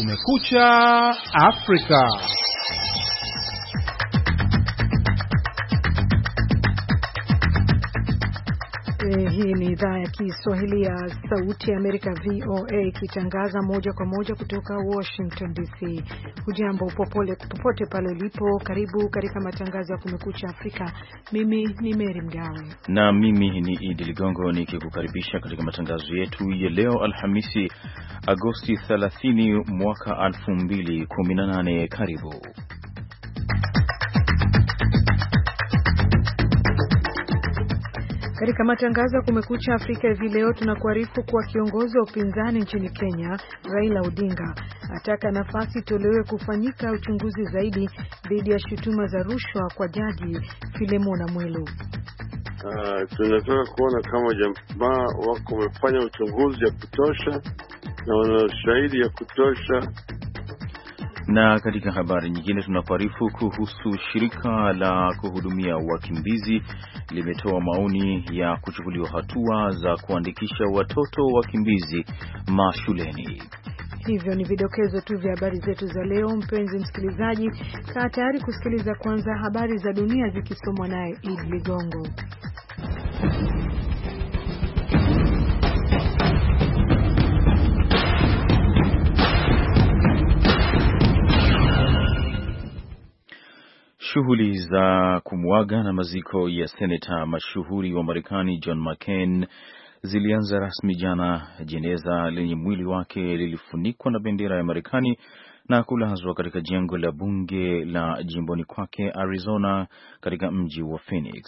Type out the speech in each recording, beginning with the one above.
Kumekucha Afrika. Eh, hii ni idhaa ya Kiswahili ya Sauti ya Amerika VOA ikitangaza moja kwa moja kutoka Washington DC. Hujambo popote pale ulipo, karibu katika matangazo ya Kumekucha Afrika. Mimi ni Mary Mgawe na mimi ni Idi Ligongo nikikukaribisha katika matangazo yetu ya leo Alhamisi Agosti 30 mwaka 2018. Karibu katika matangazo ya Kumekucha Afrika. Hivi leo tunakuarifu kuwa kiongozi wa upinzani nchini Kenya Raila Odinga ataka nafasi itolewe kufanyika uchunguzi zaidi dhidi ya shutuma za rushwa kwa jaji Filemona Mwelo. Uh, ah, tunataka kuona kama jamaa wako wamefanya uchunguzi ya kutosha na wana ushahidi ya kutosha. Na katika habari nyingine tunakuarifu kuhusu shirika la kuhudumia wakimbizi limetoa maoni ya kuchukuliwa hatua za kuandikisha watoto wakimbizi mashuleni. Hivyo ni vidokezo tu vya habari zetu za leo. Mpenzi msikilizaji, kaa tayari kusikiliza kwanza habari za dunia zikisomwa naye Idi Ligongo. Shughuli za kumwaga na maziko ya seneta mashuhuri wa Marekani John McCain zilianza rasmi jana. Jeneza lenye mwili wake lilifunikwa na bendera ya Marekani na kulazwa katika jengo la bunge la jimboni kwake Arizona, katika mji wa Phoenix.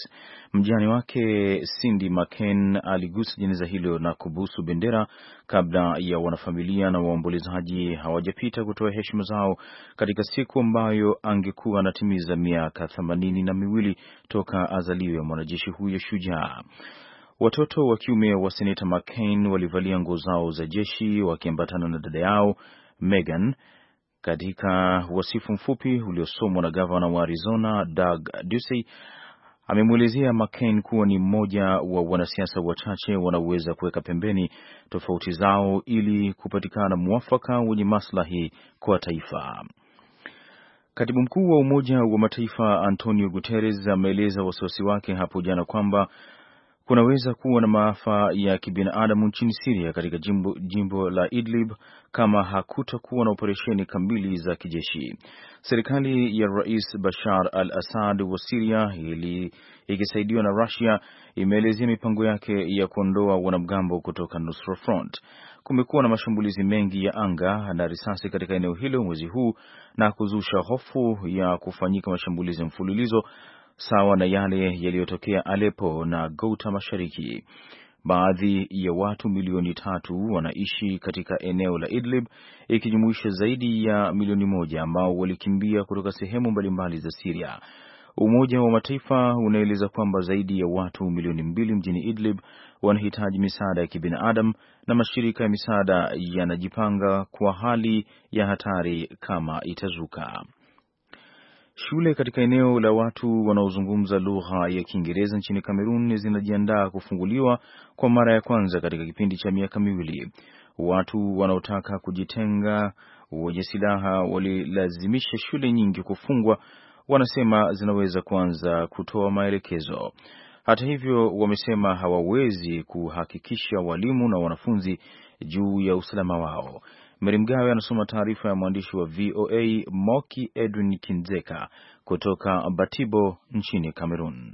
Mjani wake Cindy McCain aligusa jeneza hilo na kubusu bendera kabla ya wanafamilia na waombolezaji hawajapita kutoa heshima zao katika siku ambayo angekuwa anatimiza miaka themanini na miwili toka azaliwe mwanajeshi huyo shujaa. Watoto wa kiume wa seneta McCain walivalia nguo zao za jeshi wakiambatana na dada yao Megan katika wasifu mfupi uliosomwa na gavana wa Arizona Doug Ducey, amemwelezea McCain kuwa ni mmoja wa wanasiasa wachache wanaoweza kuweka pembeni tofauti zao ili kupatikana mwafaka wenye maslahi kwa taifa. Katibu mkuu wa Umoja wa Mataifa Antonio Guterres ameeleza wasiwasi wake hapo jana kwamba kunaweza kuwa na maafa ya kibinadamu nchini Siria katika jimbo, jimbo la Idlib kama hakutakuwa na operesheni kamili za kijeshi. Serikali ya Rais Bashar al-Assad wa Siria ili ikisaidiwa na rasia imeelezea mipango yake ya kuondoa wanamgambo kutoka Nusra Front. Kumekuwa na mashambulizi mengi ya anga na risasi katika eneo hilo mwezi huu na kuzusha hofu ya kufanyika mashambulizi mfululizo sawa na yale yaliyotokea Aleppo na Ghouta Mashariki. Baadhi ya watu milioni tatu wanaishi katika eneo la Idlib ikijumuisha zaidi ya milioni moja ambao walikimbia kutoka sehemu mbalimbali za Siria. Umoja wa Mataifa unaeleza kwamba zaidi ya watu milioni mbili mjini Idlib wanahitaji misaada ya kibinadamu na mashirika ya misaada yanajipanga kwa hali ya hatari kama itazuka. Shule katika eneo la watu wanaozungumza lugha ya Kiingereza nchini Kamerun zinajiandaa kufunguliwa kwa mara ya kwanza katika kipindi cha miaka miwili. Watu wanaotaka kujitenga wenye silaha walilazimisha shule nyingi kufungwa, wanasema zinaweza kuanza kutoa maelekezo. Hata hivyo, wamesema hawawezi kuhakikisha walimu na wanafunzi juu ya usalama wao. Meri Mgawe anasoma taarifa ya mwandishi wa VOA Moki Edwin Kinzeka kutoka Batibo nchini Kamerun.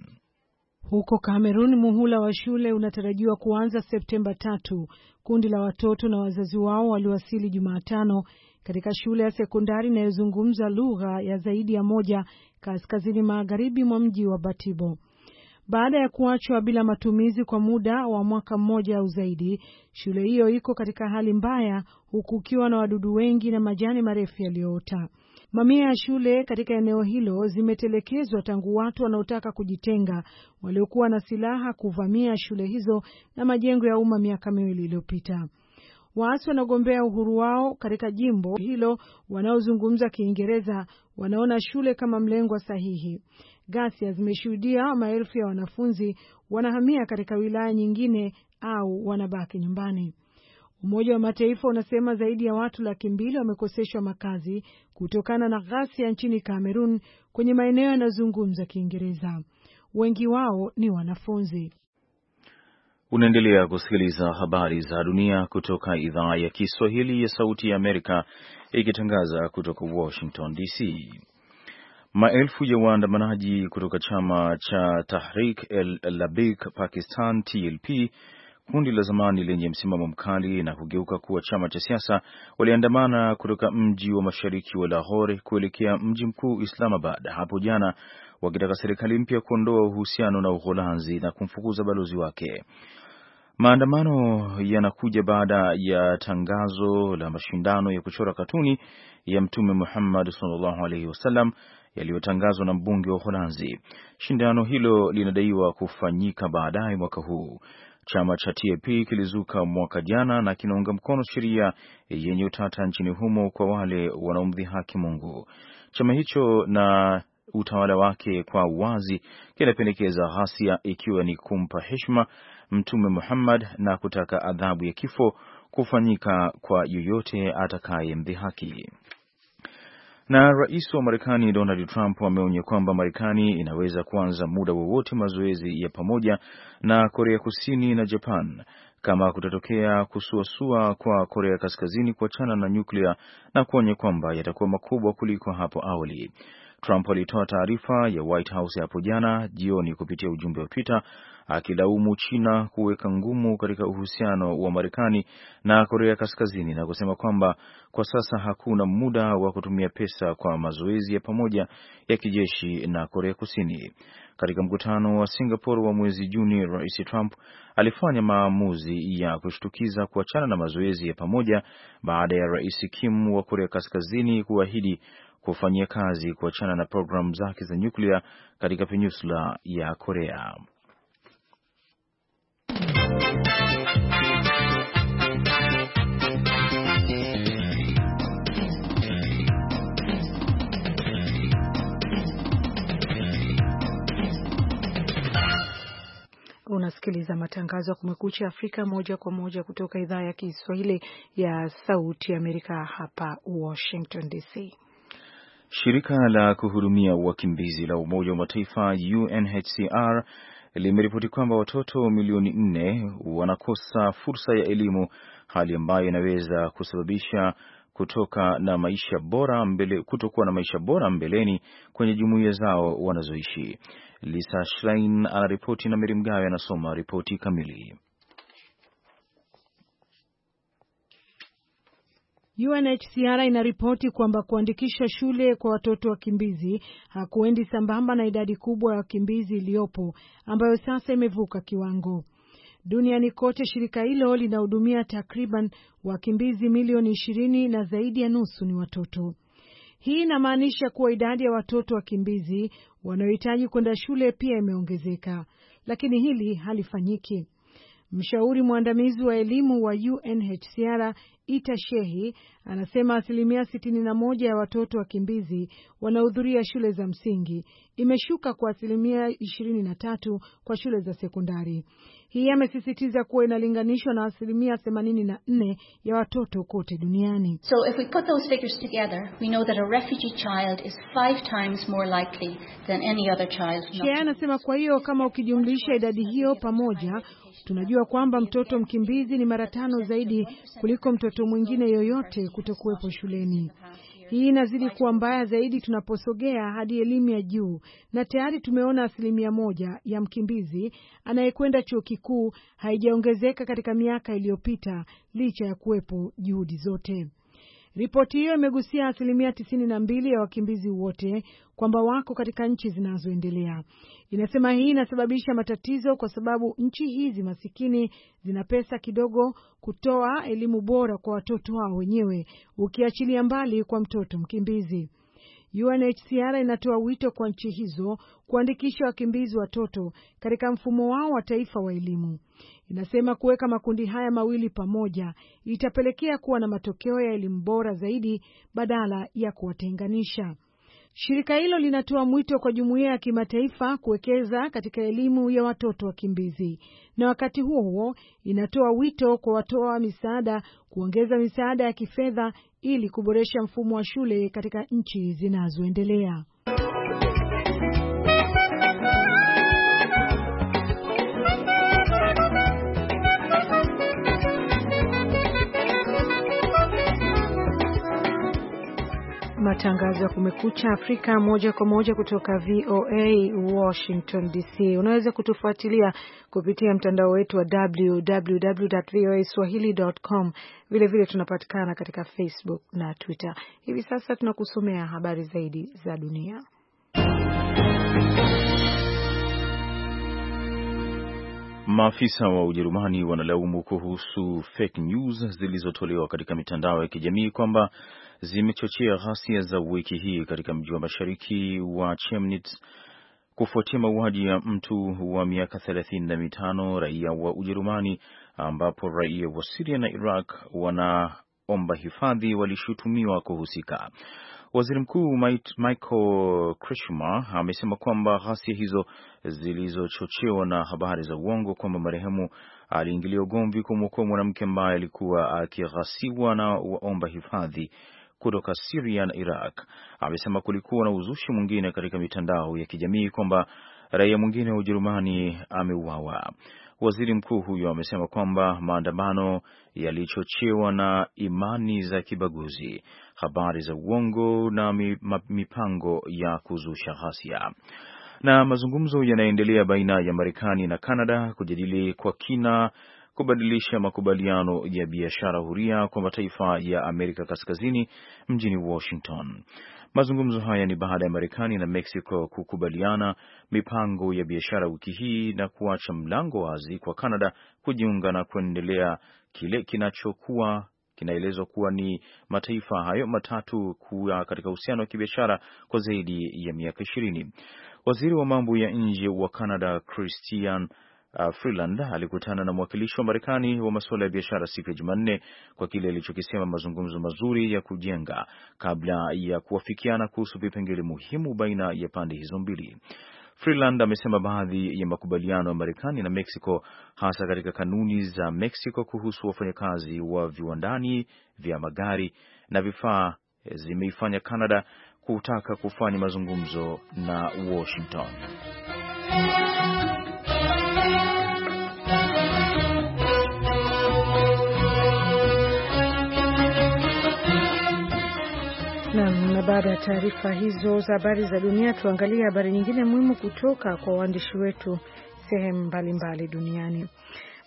Huko Kamerun, muhula wa shule unatarajiwa kuanza Septemba tatu. Kundi la watoto na wazazi wao waliwasili Jumatano katika shule ya sekondari inayozungumza lugha ya zaidi ya moja kaskazini magharibi mwa mji wa Batibo baada ya kuachwa bila matumizi kwa muda wa mwaka mmoja au zaidi. Shule hiyo iko katika hali mbaya, huku ukiwa na wadudu wengi na majani marefu yaliyoota. Mamia ya shule katika eneo hilo zimetelekezwa tangu watu wanaotaka kujitenga waliokuwa na silaha kuvamia shule hizo na majengo ya umma miaka miwili iliyopita. Waasi wanaogombea uhuru wao katika jimbo hilo wanaozungumza Kiingereza wanaona shule kama mlengwa sahihi ghasia zimeshuhudia maelfu ya wanafunzi wanahamia katika wilaya nyingine au wanabaki nyumbani. Umoja wa Mataifa unasema zaidi ya watu laki mbili wamekoseshwa makazi kutokana na ghasia nchini Kamerun kwenye maeneo yanayozungumza Kiingereza. Wengi wao ni wanafunzi. Unaendelea kusikiliza habari za dunia kutoka idhaa ya Kiswahili ya Sauti ya Amerika ikitangaza kutoka Washington DC. Maelfu ya waandamanaji kutoka chama cha Tahrik el Labik Pakistan TLP, kundi la zamani lenye msimamo mkali na kugeuka kuwa chama cha siasa, waliandamana kutoka mji wa mashariki wa Lahore kuelekea mji mkuu Islamabad hapo jana, wakitaka serikali mpya kuondoa uhusiano na Uholanzi na kumfukuza balozi wake. Maandamano yanakuja baada ya tangazo la mashindano ya kuchora katuni ya Mtume Muhammad sallallahu alaihi wasallam yaliyotangazwa na mbunge wa Uholanzi. Shindano hilo linadaiwa kufanyika baadaye mwaka huu. Chama cha TAP kilizuka mwaka jana na kinaunga mkono sheria yenye utata nchini humo kwa wale wanaomdhihaki Mungu. Chama hicho na utawala wake kwa uwazi kinapendekeza ghasia, ikiwa ni kumpa heshima Mtume Muhammad na kutaka adhabu ya kifo kufanyika kwa yoyote atakayemdhihaki. Na rais wa Marekani Donald Trump ameonya kwamba Marekani inaweza kuanza muda wowote mazoezi ya pamoja na Korea Kusini na Japan kama kutatokea kusuasua kwa Korea Kaskazini kuachana na nyuklia na kuonya kwamba yatakuwa makubwa kuliko hapo awali. Trump alitoa taarifa ya White House hapo jana jioni kupitia ujumbe wa Twitter akilaumu China kuweka ngumu katika uhusiano wa Marekani na Korea Kaskazini na kusema kwamba kwa sasa hakuna muda wa kutumia pesa kwa mazoezi ya pamoja ya kijeshi na Korea Kusini. Katika mkutano wa Singapore wa mwezi Juni, Rais Trump alifanya maamuzi ya kushtukiza kuachana na mazoezi ya pamoja baada ya Rais Kim wa Korea Kaskazini kuahidi kufanyia kazi kuachana na programu zake za nyuklia katika peninsula ya Korea. Unasikiliza matangazo ya Kumekucha Afrika moja kwa moja kutoka idhaa ya Kiswahili ya Sauti ya Amerika hapa Washington DC. Shirika la kuhudumia wakimbizi la Umoja wa Mataifa UNHCR limeripoti kwamba watoto milioni nne wanakosa fursa ya elimu, hali ambayo inaweza kusababisha kutoka na maisha bora mbele, kutokuwa na maisha bora mbeleni kwenye jumuiya zao wanazoishi. Lisa Schlein anaripoti na Meri Mgawe anasoma ripoti kamili. UNHCR inaripoti kwamba kuandikisha shule kwa watoto wakimbizi hakuendi sambamba na idadi kubwa ya wakimbizi iliyopo ambayo sasa imevuka kiwango. Duniani kote shirika hilo linahudumia takriban wakimbizi milioni ishirini na zaidi ya nusu ni watoto. Hii inamaanisha kuwa idadi ya watoto wakimbizi wanaohitaji kwenda shule pia imeongezeka, lakini hili halifanyiki. Mshauri mwandamizi wa elimu wa UNHCR Ita Shehi anasema asilimia 61 ya watoto wakimbizi wanahudhuria shule za msingi, imeshuka kwa asilimia 23 kwa shule za sekondari. Hii amesisitiza kuwa inalinganishwa na asilimia 84 ya watoto kote duniani. So if we put those figures together, we know that a refugee child is five times more likely than any other child. Shea anasema kwa hiyo kama ukijumlisha idadi hiyo pamoja, tunajua kwamba mtoto mkimbizi ni mara tano zaidi kuliko mtoto mwingine yoyote kutokuwepo shuleni. Hii inazidi kuwa mbaya zaidi tunaposogea hadi elimu ya juu, na tayari tumeona asilimia moja ya mkimbizi anayekwenda chuo kikuu haijaongezeka katika miaka iliyopita licha ya kuwepo juhudi zote. Ripoti hiyo imegusia asilimia tisini na mbili ya wakimbizi wote kwamba wako katika nchi zinazoendelea. Inasema hii inasababisha matatizo kwa sababu nchi hizi masikini zina pesa kidogo kutoa elimu bora kwa watoto wao wenyewe, ukiachilia mbali kwa mtoto mkimbizi. UNHCR inatoa wito kwa nchi hizo kuandikisha wakimbizi watoto katika mfumo wao wa taifa wa elimu inasema kuweka makundi haya mawili pamoja itapelekea kuwa na matokeo ya elimu bora zaidi badala ya kuwatenganisha. Shirika hilo linatoa mwito kwa jumuiya ya kimataifa kuwekeza katika elimu ya watoto wakimbizi, na wakati huo huo inatoa wito kwa watoa misaada kuongeza misaada ya kifedha ili kuboresha mfumo wa shule katika nchi zinazoendelea. Matangazo ya Kumekucha Afrika moja kwa moja kutoka VOA Washington DC. Unaweza kutufuatilia kupitia mtandao wetu wa voa swahilicom vilevile tunapatikana katika Facebook na Twitter. Hivi sasa tunakusomea habari zaidi za dunia. Maafisa wa Ujerumani wanalaumu kuhusu fake news zilizotolewa katika mitandao ya kijamii kwamba zimechochea ghasia za wiki hii katika mji wa mashariki wa Chemnitz kufuatia mauaji ya mtu wa miaka thelathini na mitano raia wa Ujerumani, ambapo raia wa Siria na Iraq wanaomba hifadhi walishutumiwa kuhusika. Waziri Mkuu Michael Krishma amesema kwamba ghasia hizo zilizochochewa na habari za uongo kwamba marehemu aliingilia ugomvi kumwokoa mwanamke ambaye alikuwa akighasiwa na waomba hifadhi kutoka siria na Iraq. Amesema kulikuwa na uzushi mwingine katika mitandao ya kijamii kwamba raia mwingine wa Ujerumani ameuawa. Waziri mkuu huyo amesema kwamba maandamano yalichochewa na imani za kibaguzi, habari za uongo na mipango ya kuzusha ghasia. Na mazungumzo yanaendelea baina ya Marekani na Kanada kujadili kwa kina kubadilisha makubaliano ya biashara huria kwa mataifa ya Amerika Kaskazini mjini Washington. Mazungumzo haya ni baada ya Marekani na Mexico kukubaliana mipango ya biashara wiki hii na kuacha mlango wazi kwa Canada kujiunga na kuendelea kile kinachokuwa kinaelezwa kuwa ni mataifa hayo matatu kuwa katika uhusiano wa kibiashara kwa zaidi ya miaka ishirini. Waziri wa mambo ya nje wa Canada Christian uh, Freeland alikutana na mwakilishi wa Marekani wa masuala ya biashara siku ya Jumanne kwa kile alichokisema mazungumzo mazuri ya kujenga kabla ya kuwafikiana kuhusu vipengele muhimu baina ya pande hizo mbili. Freeland amesema baadhi ya makubaliano ya Marekani na Mexico hasa katika kanuni za Mexico kuhusu wafanyakazi wa viwandani vya magari na vifaa zimeifanya Canada kutaka kufanya mazungumzo na Washington. baada ya taarifa hizo za habari za dunia, tuangalie habari nyingine muhimu kutoka kwa waandishi wetu sehemu mbalimbali duniani.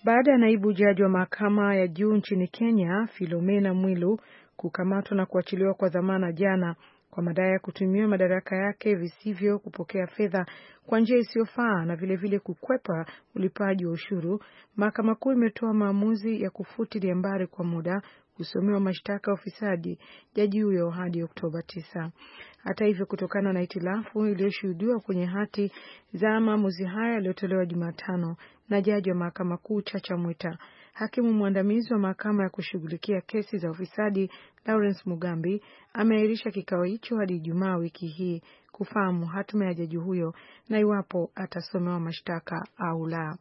Baada ya naibu jaji wa mahakama ya juu nchini Kenya Filomena Mwilu kukamatwa na kuachiliwa kwa dhamana jana kwa madai ya kutumia madaraka yake visivyo, kupokea fedha kwa njia isiyofaa na vilevile vile kukwepa ulipaji wa ushuru, mahakama kuu imetoa maamuzi ya kufutilia mbali kwa muda kusomewa mashtaka ya ufisadi jaji huyo hadi Oktoba 9. Hata hivyo, kutokana na itilafu iliyoshuhudiwa kwenye hati za maamuzi haya yaliyotolewa Jumatano na jaji wa mahakama kuu Chacha Mwita, hakimu mwandamizi wa mahakama ya kushughulikia kesi za ufisadi Lawrence Mugambi ameahirisha kikao hicho hadi Ijumaa wiki hii kufahamu hatima ya jaji huyo na iwapo atasomewa mashtaka au la.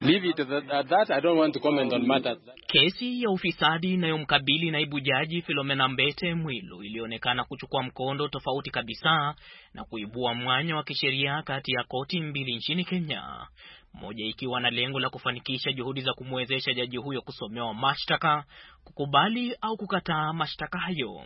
Leave it at that. I don't want to comment on matters. Kesi ya ufisadi inayomkabili naibu jaji filomena Mbete Mwilu ilionekana kuchukua mkondo tofauti kabisa na kuibua mwanya wa kisheria kati ya koti mbili nchini Kenya, moja ikiwa na lengo la kufanikisha juhudi za kumwezesha jaji huyo kusomewa mashtaka kukubali au kukataa mashtaka hayo,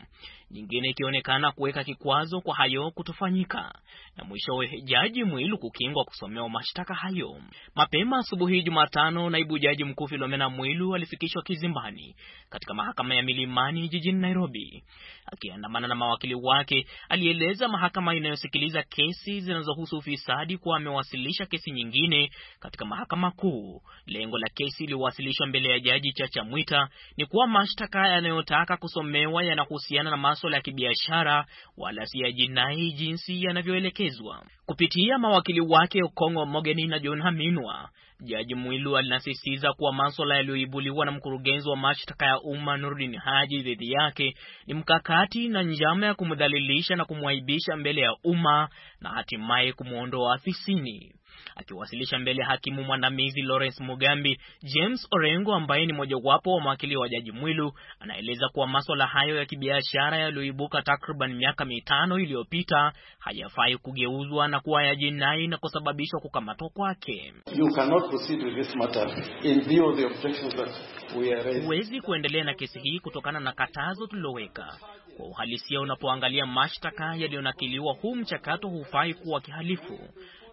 nyingine ikionekana kuweka kikwazo kwa hayo kutofanyika, na mwishowe Jaji Mwilu kukingwa kusomewa mashtaka hayo. Mapema asubuhi Jumatano, naibu jaji mkuu Filomena Mwilu alifikishwa kizimbani katika mahakama ya Milimani jijini Nairobi. Akiandamana na mawakili wake, alieleza mahakama inayosikiliza kesi zinazohusu ufisadi kuwa amewasilisha kesi nyingine katika mahakama kuu. Lengo la kesi iliyowasilishwa mbele ya Jaji Chacha Mwita ni kuwa mashtaka yanayotaka kusomewa yanahusiana na maswala ya kibiashara wala si ya jinai jinsi yanavyoelekezwa. Kupitia mawakili wake Okongo Mogeni na John Haminwa, Jaji Mwilu alinasisitiza kuwa maswala yaliyoibuliwa na mkurugenzi wa mashtaka ya umma Nurdin Haji dhidi yake ni mkakati na njama ya kumdhalilisha na kumwaibisha mbele ya umma na hatimaye kumwondoa afisini akiwasilisha mbele hakimu mwandamizi Lawrence Mugambi, James Orengo ambaye ni mojawapo wa mawakili wa Jaji Mwilu anaeleza kuwa maswala hayo ya kibiashara yaliyoibuka takriban miaka mitano iliyopita hayafai kugeuzwa na kuwa ya jinai na kusababishwa kukamatwa kwake. Huwezi kuendelea na kesi hii kutokana na katazo tuliloweka. Kwa uhalisia, unapoangalia mashtaka yaliyonakiliwa, huu mchakato hufai kuwa kihalifu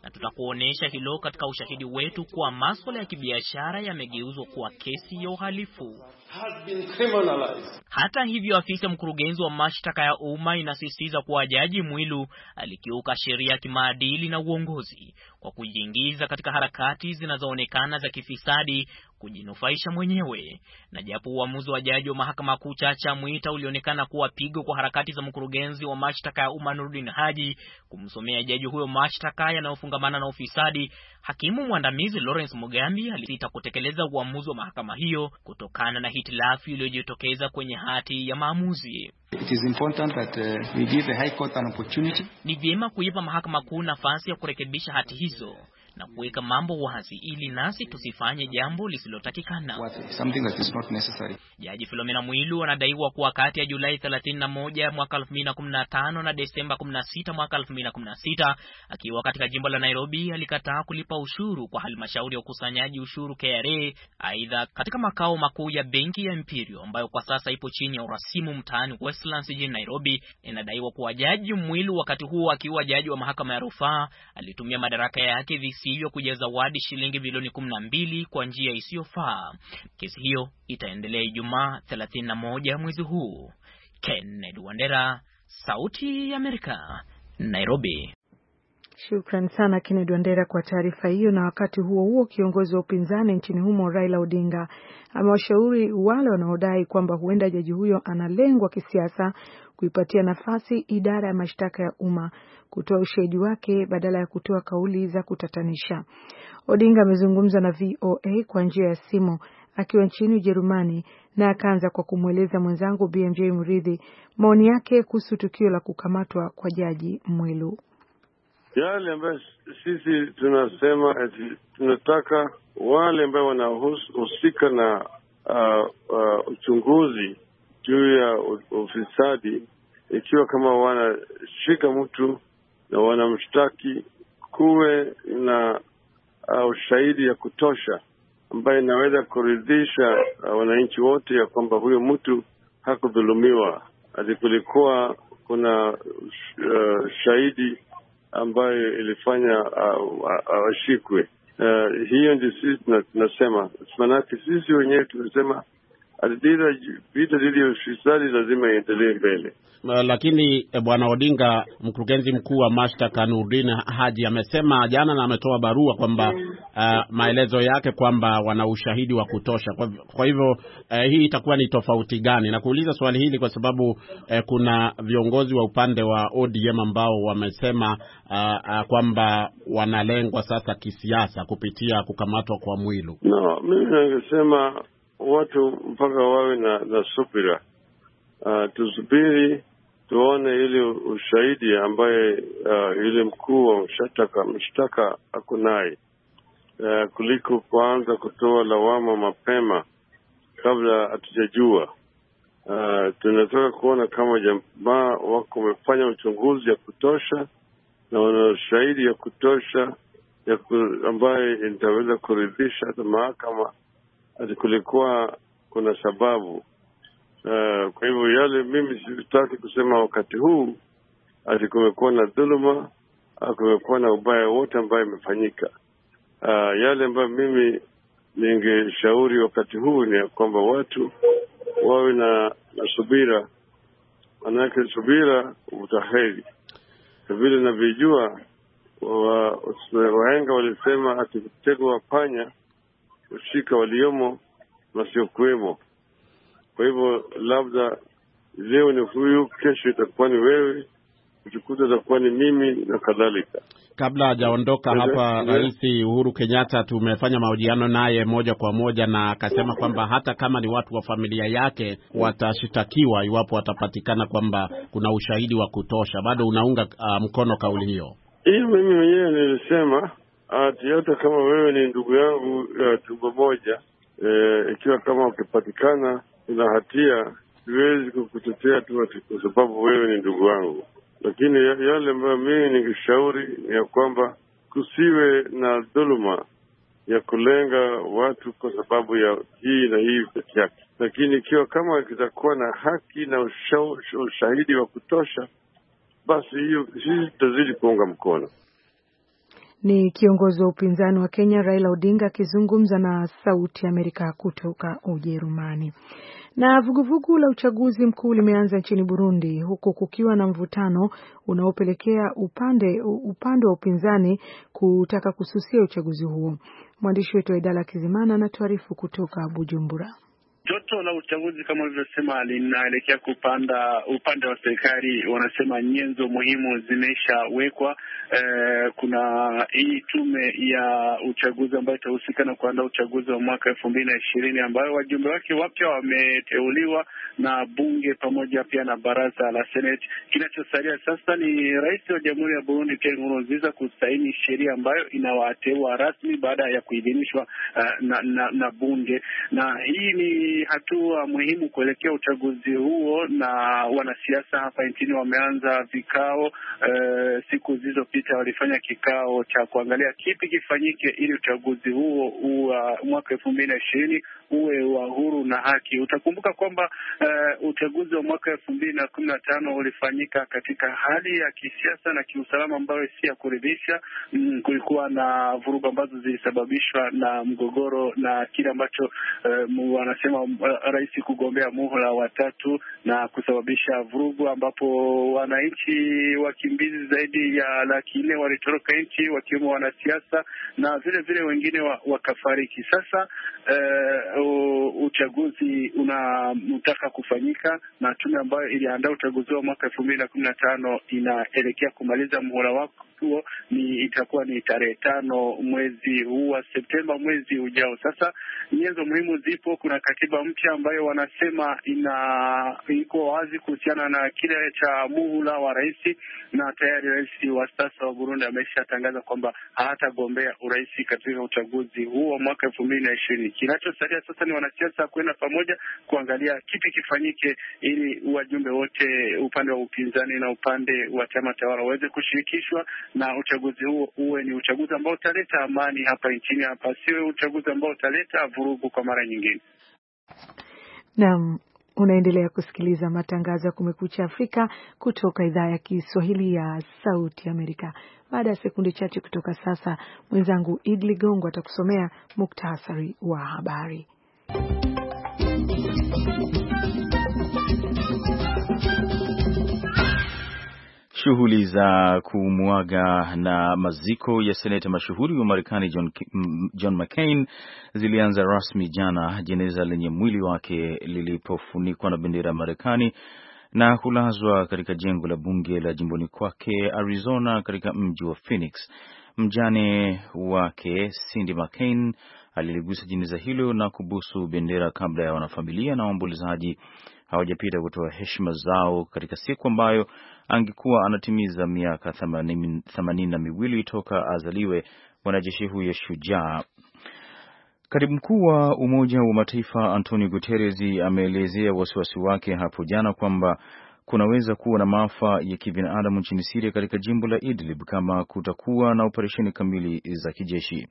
na tutakuonyesha hilo katika ushahidi wetu kuwa maswala ya kibiashara yamegeuzwa kuwa kesi ya uhalifu has been criminalized. Hata hivyo, afisa mkurugenzi wa mashtaka ya umma inasisitiza kuwa Jaji Mwilu alikiuka sheria ya kimaadili na uongozi kwa kujiingiza katika harakati zinazoonekana za kifisadi kujinufaisha mwenyewe. Na japo uamuzi wa jaji wa mahakama kuu Chacha Mwita ulionekana kuwa pigo kwa harakati za mkurugenzi wa mashtaka ya umma Nurdin Haji kumsomea jaji huyo mashtaka yanayofungamana na ufisadi Hakimu mwandamizi Lawrence Mugambi alisita kutekeleza uamuzi wa mahakama hiyo kutokana na hitilafu iliyojitokeza kwenye hati ya maamuzi. It is important that, uh, we give the High Court an opportunity. Ni vyema kuipa mahakama kuu nafasi ya kurekebisha hati hizo na kuweka mambo wazi ili nasi tusifanye jambo lisilotakikana. Jaji Filomena Mwilu anadaiwa kuwa kati ya Julai 31 mwaka 2015 na Desemba 16 mwaka 2016, akiwa katika jimbo la Nairobi, alikataa kulipa ushuru kwa halmashauri ya ukusanyaji ushuru KRA. Aidha, katika makao makuu ya benki ya Imperial ambayo kwa sasa ipo chini ya urasimu mtaani Westlands jijini Nairobi, inadaiwa kuwa Jaji Mwilu wakati huo akiwa jaji wa mahakama ya rufaa alitumia madaraka yake VC kesi kuja zawadi shilingi bilioni 12 kwa njia isiyofaa. Kesi hiyo itaendelea Ijumaa 31 mwezi huu. Kennedy Wandera, Sauti ya Amerika, Nairobi. Shukran sana Kennedy Wandera kwa taarifa hiyo. Na wakati huo huo, kiongozi wa upinzani nchini humo Raila Odinga amewashauri wale wanaodai kwamba huenda jaji huyo analengwa kisiasa kuipatia nafasi idara ya mashtaka ya umma kutoa ushahidi wake badala ya kutoa kauli za kutatanisha. Odinga amezungumza na VOA kwa njia ya simu akiwa nchini Ujerumani na akaanza kwa kumweleza mwenzangu BMJ Mridhi maoni yake kuhusu tukio la kukamatwa kwa jaji Mwilu yale ambayo sisi tunasema eti tunataka wale ambayo wanahusika na uh, uh, uchunguzi juu ya ufisadi, ikiwa kama wanashika mtu na wanamshtaki, kuwe na uh, ushahidi ya kutosha ambayo inaweza kuridhisha uh, wananchi wote ya kwamba huyo mtu hakudhulumiwa, ati kulikuwa kuna uh, shahidi ambayo ilifanya awashikwe. Uh, uh, hiyo ndio sisi tunasema, manake sisi wenyewe tunasema vita dhidi ya ufisadi lazima iendelee mbele. Uh, lakini eh, bwana Odinga, mkurugenzi mkuu wa mashtaka Nurdin Haji amesema jana na ametoa barua kwamba uh, maelezo yake kwamba wana ushahidi wa kutosha. Kwa, hivyo uh, hii itakuwa ni tofauti gani? Na kuuliza swali hili kwa sababu uh, kuna viongozi wa upande wa ODM ambao wamesema uh, uh, kwamba wanalengwa sasa kisiasa kupitia kukamatwa kwa Mwilu. No, mimi nangesema watu mpaka wawe na, na subira. Uh, ah, tusubiri tuone ili ushahidi ambaye uh, ah, ile mkuu wa mshtaka mshtaka naye uh, kuliko kuanza kutoa lawama mapema kabla hatujajua. Uh, tunataka kuona kama jamaa wako wamefanya uchunguzi ya kutosha na wana ushahidi ya kutosha ya ku, ambaye itaweza kuridhisha hata mahakama kulikuwa kuna sababu uh, kwa hivyo yale mimi sitaki kusema wakati huu ati kumekuwa na dhuluma kumekuwa na ubaya wote ambayo imefanyika. Uh, yale ambayo mimi ningeshauri wakati huu ni ya kwamba watu wawe na, na subira, manake subira utaheri. Vile navyojua wahenga wa, walisema ati wa panya kushika waliomo wasiokuwemo. Kwa hivyo labda leo ni huyu, kesho itakuwa ni wewe, kuchukuta itakuwa ni mimi na kadhalika. Kabla hajaondoka hapa, Rais Uhuru Kenyatta tumefanya mahojiano naye moja kwa moja, na akasema kwamba hata kama ni watu wa familia yake watashitakiwa iwapo watapatikana kwamba kuna ushahidi wa kutosha. Bado unaunga uh, mkono kauli hiyo? Hiyo mimi mwenyewe nilisema Yeyote ah, kama wewe ni ndugu yangu ya tumbo moja, e, ikiwa kama ukipatikana una hatia, siwezi kukutetea tu kwa sababu wewe ni ndugu yangu, lakini yale ambayo mimi ningeshauri ni ya kwamba kusiwe na dhuluma ya kulenga watu kwa sababu ya hii na hii peke yake, lakini ikiwa kama kitakuwa na haki na usha, ushahidi wa kutosha, basi hiyo sisi tutazidi kuunga mkono. Ni kiongozi wa upinzani wa Kenya Raila Odinga akizungumza na Sauti ya Amerika kutoka Ujerumani. Na vuguvugu la uchaguzi mkuu limeanza nchini Burundi huku kukiwa na mvutano unaopelekea upande upande wa upinzani kutaka kususia uchaguzi huo. Mwandishi wetu wa idara ya Kizimana anatuarifu kutoka Bujumbura pato la uchaguzi kama ulivyosema linaelekea kupanda. Upande wa serikali wanasema nyenzo muhimu zimeshawekwa. E, kuna hii tume ya uchaguzi ambayo itahusika na kuandaa uchaguzi wa mwaka elfu mbili na ishirini ambayo wajumbe wake wapya wameteuliwa na bunge pamoja pia na baraza la seneti. Kinachosalia sasa ni rais wa Jamhuri ya Burundi Pierre Nkurunziza kusaini sheria ambayo inawateua rasmi baada ya kuidhinishwa uh, na, na, na bunge na hii ni hatua muhimu kuelekea uchaguzi huo, na wanasiasa hapa nchini wameanza vikao. e, siku zilizopita walifanya kikao cha kuangalia kipi kifanyike ili uchaguzi huo uwa mwaka elfu mbili na ishirini uwe wa huru na haki. Utakumbuka kwamba e, uchaguzi wa mwaka elfu mbili na kumi na tano ulifanyika katika hali ya kisiasa na kiusalama ambayo si ya kuridhisha. Mm, kulikuwa na vurugu ambazo zilisababishwa na mgogoro na kile ambacho e, wanasema rais kugombea muhula watatu na kusababisha vurugu, ambapo wananchi wakimbizi zaidi ya laki nne walitoroka nchi wakiwemo wanasiasa na vile vile wengine wakafariki. Sasa uh, uchaguzi unamtaka kufanyika na tume ambayo iliandaa uchaguzi wa mwaka elfu mbili na kumi na tano inaelekea kumaliza muhula wako huo ni itakuwa ni tarehe tano mwezi huu wa Septemba, mwezi ujao. Sasa nyenzo muhimu zipo. Kuna katiba mpya ambayo wanasema ina iko wazi kuhusiana na kile cha muhula wa rais, na tayari rais wa sasa wa Burundi ameshatangaza kwamba hatagombea urais katika uchaguzi huu wa mwaka elfu mbili na ishirini. Kinachosalia sasa ni wanasiasa kwenda pamoja kuangalia kipi kifanyike ili wajumbe wote upande wa upinzani na upande wa chama tawala waweze kushirikishwa na uchaguzi huo uwe ni uchaguzi ambao utaleta amani hapa nchini hapa, sio uchaguzi ambao utaleta vurugu kwa mara nyingine. Naam. Unaendelea kusikiliza matangazo ya Kumekucha Afrika kutoka idhaa ya Kiswahili ya Sauti Amerika. Baada ya sekunde chache kutoka sasa, mwenzangu Id Ligongo atakusomea muktasari wa habari. Shughuli za kumwaga na maziko ya seneta mashuhuri wa Marekani John, mm, John McCain zilianza rasmi jana, jeneza lenye mwili wake lilipofunikwa na bendera ya Marekani na kulazwa katika jengo la bunge la jimboni kwake Arizona, katika mji wa Phoenix. Mjane wake Cindy McCain aliligusa jeneza hilo na kubusu bendera kabla ya wanafamilia na waombolezaji hawajapita kutoa heshima zao katika siku ambayo angekuwa anatimiza miaka themanini na miwili toka azaliwe mwanajeshi huyo shujaa. Katibu mkuu wa Umoja wa Mataifa Antonio Guterres ameelezea wasiwasi wake hapo jana kwamba kunaweza kuwa na maafa ya kibinadamu nchini Siria katika jimbo la Idlib kama kutakuwa na operesheni kamili za kijeshi.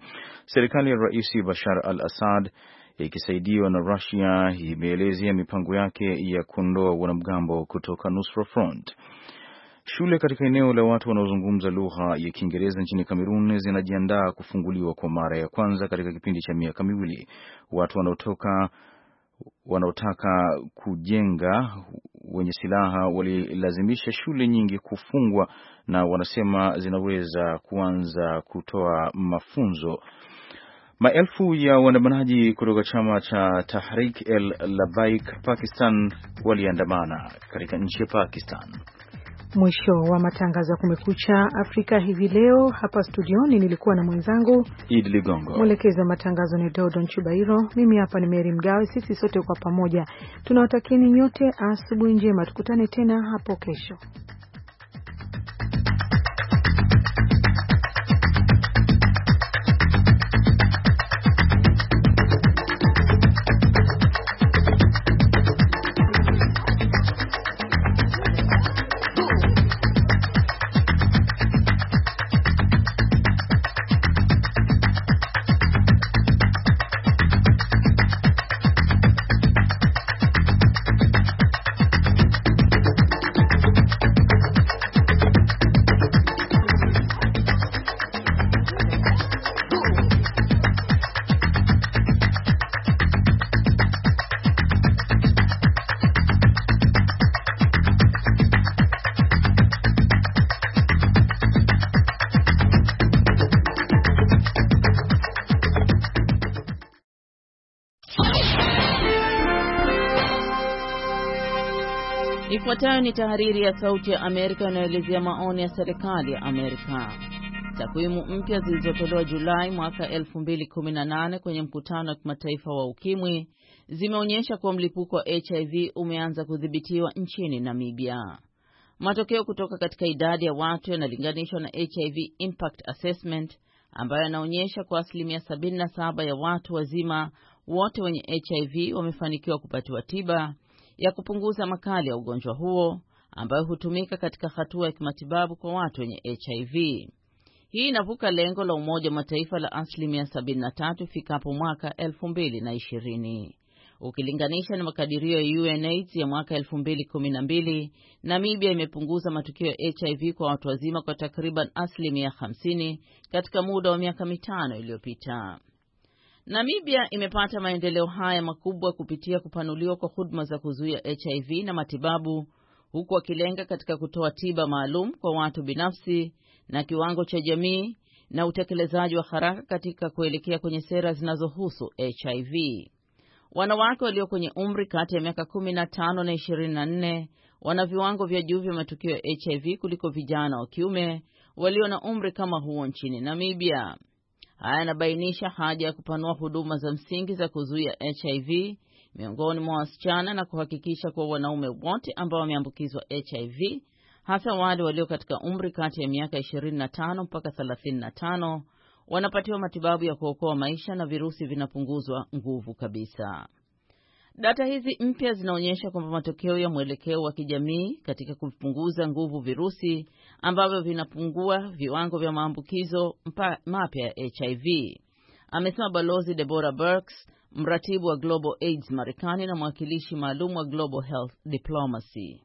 Serikali ya Rais Bashar al-Assad ikisaidiwa na Russia imeelezea mipango yake ya kuondoa wanamgambo kutoka Nusra Front. Shule katika eneo la watu wanaozungumza lugha ya Kiingereza nchini Kamerun zinajiandaa kufunguliwa kwa mara ya kwanza katika kipindi cha miaka miwili. Watu wanaotoka wanaotaka kujenga wenye silaha walilazimisha shule nyingi kufungwa na wanasema zinaweza kuanza kutoa mafunzo Maelfu ya waandamanaji kutoka chama cha Tahrik el Labaik Pakistan waliandamana katika nchi ya Pakistan. Mwisho wa matangazo ya Kumekucha Afrika hivi leo. Hapa studioni nilikuwa na mwenzangu Idi Ligongo, mwelekezi wa matangazo ni Dodon Chubairo, mimi hapa ni Meri Mgawe. Sisi sote kwa pamoja tunawatakieni nyote asubuhi njema, tukutane tena hapo kesho. Ifuatayo ni tahariri ya Sauti ya Amerika inayoelezea maoni ya serikali ya Amerika. Takwimu mpya zilizotolewa Julai mwaka 2018 kwenye mkutano wa kimataifa wa ukimwi zimeonyesha kuwa mlipuko wa HIV umeanza kudhibitiwa nchini Namibia. Matokeo kutoka katika idadi ya watu yanalinganishwa na HIV Impact Assessment ambayo yanaonyesha kwa asilimia 77 ya watu wazima wote wenye HIV wamefanikiwa kupatiwa tiba ya kupunguza makali ya ugonjwa huo ambayo hutumika katika hatua ya kimatibabu kwa watu wenye HIV. Hii inavuka lengo la Umoja wa Mataifa la asilimia 73 ifikapo mwaka 2020. Ukilinganisha na makadirio ya UNAIDS ya mwaka 2012, Namibia imepunguza matukio ya HIV kwa watu wazima kwa takriban asilimia 50 katika muda wa miaka mitano iliyopita. Namibia imepata maendeleo haya makubwa kupitia kupanuliwa kwa huduma za kuzuia HIV na matibabu huku wakilenga katika kutoa tiba maalum kwa watu binafsi na kiwango cha jamii na utekelezaji wa haraka katika kuelekea kwenye sera zinazohusu HIV. Wanawake walio kwenye umri kati ya miaka 15 na 24 wana viwango vya juu vya matukio ya HIV kuliko vijana wa kiume walio na umri kama huo nchini Namibia. Haya yanabainisha haja ya kupanua huduma za msingi za kuzuia HIV miongoni mwa wasichana na kuhakikisha kuwa wanaume wote ambao wameambukizwa HIV hasa wale walio katika umri kati ya miaka 25 mpaka 35 wanapatiwa matibabu ya kuokoa maisha na virusi vinapunguzwa nguvu kabisa. Data hizi mpya zinaonyesha kwamba matokeo ya mwelekeo wa kijamii katika kupunguza nguvu virusi ambavyo vinapungua viwango vya maambukizo mapya ya HIV, amesema Balozi Deborah burks mratibu wa Global AIDS Marekani na mwakilishi maalum wa Global Health Diplomacy.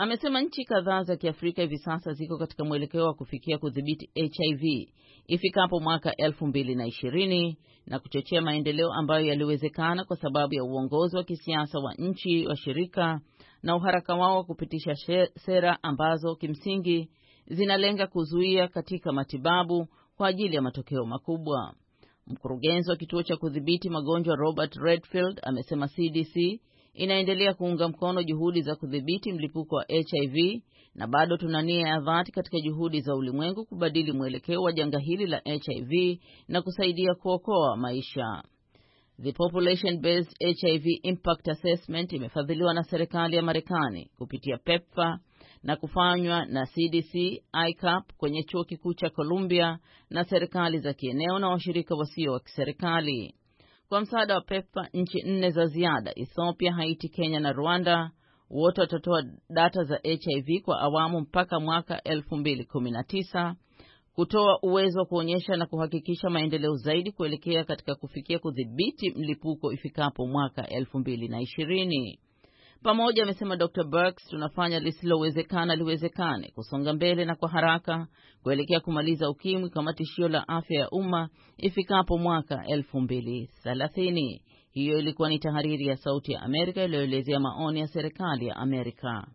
Amesema nchi kadhaa za Kiafrika hivi sasa ziko katika mwelekeo wa kufikia kudhibiti HIV ifikapo mwaka mbili na kuchochea maendeleo ambayo yaliwezekana kwa sababu ya uongozi wa kisiasa wa nchi wa shirika na uharaka wao wa kupitisha sera ambazo kimsingi zinalenga kuzuia katika matibabu kwa ajili ya matokeo makubwa. Mkurugenzi wa kituo cha kudhibiti magonjwa Robert Redfield amesema CDC inaendelea kuunga mkono juhudi za kudhibiti mlipuko wa HIV na bado tuna nia ya dhati katika juhudi za ulimwengu kubadili mwelekeo wa janga hili la HIV na kusaidia kuokoa maisha. The Population Based HIV Impact Assessment imefadhiliwa na serikali ya Marekani kupitia pepfa na kufanywa na CDC, ICAP kwenye chuo kikuu cha Columbia na serikali za kieneo na washirika wasio wa kiserikali kwa msaada wa PEPFAR nchi nne za ziada Ethiopia, Haiti, Kenya na Rwanda wote watatoa data za HIV kwa awamu mpaka mwaka 2019 kutoa uwezo wa kuonyesha na kuhakikisha maendeleo zaidi kuelekea katika kufikia kudhibiti mlipuko ifikapo mwaka 2020 pamoja, amesema Dr Birx. Tunafanya lisilowezekana liwezekane, kusonga mbele na kwa haraka kuelekea kumaliza ukimwi kama tishio la afya ya umma ifikapo mwaka elfu mbili Hiyo ilikuwa ni tahariri ya Sauti ya Amerika iliyoelezea maoni ya serikali ya Amerika.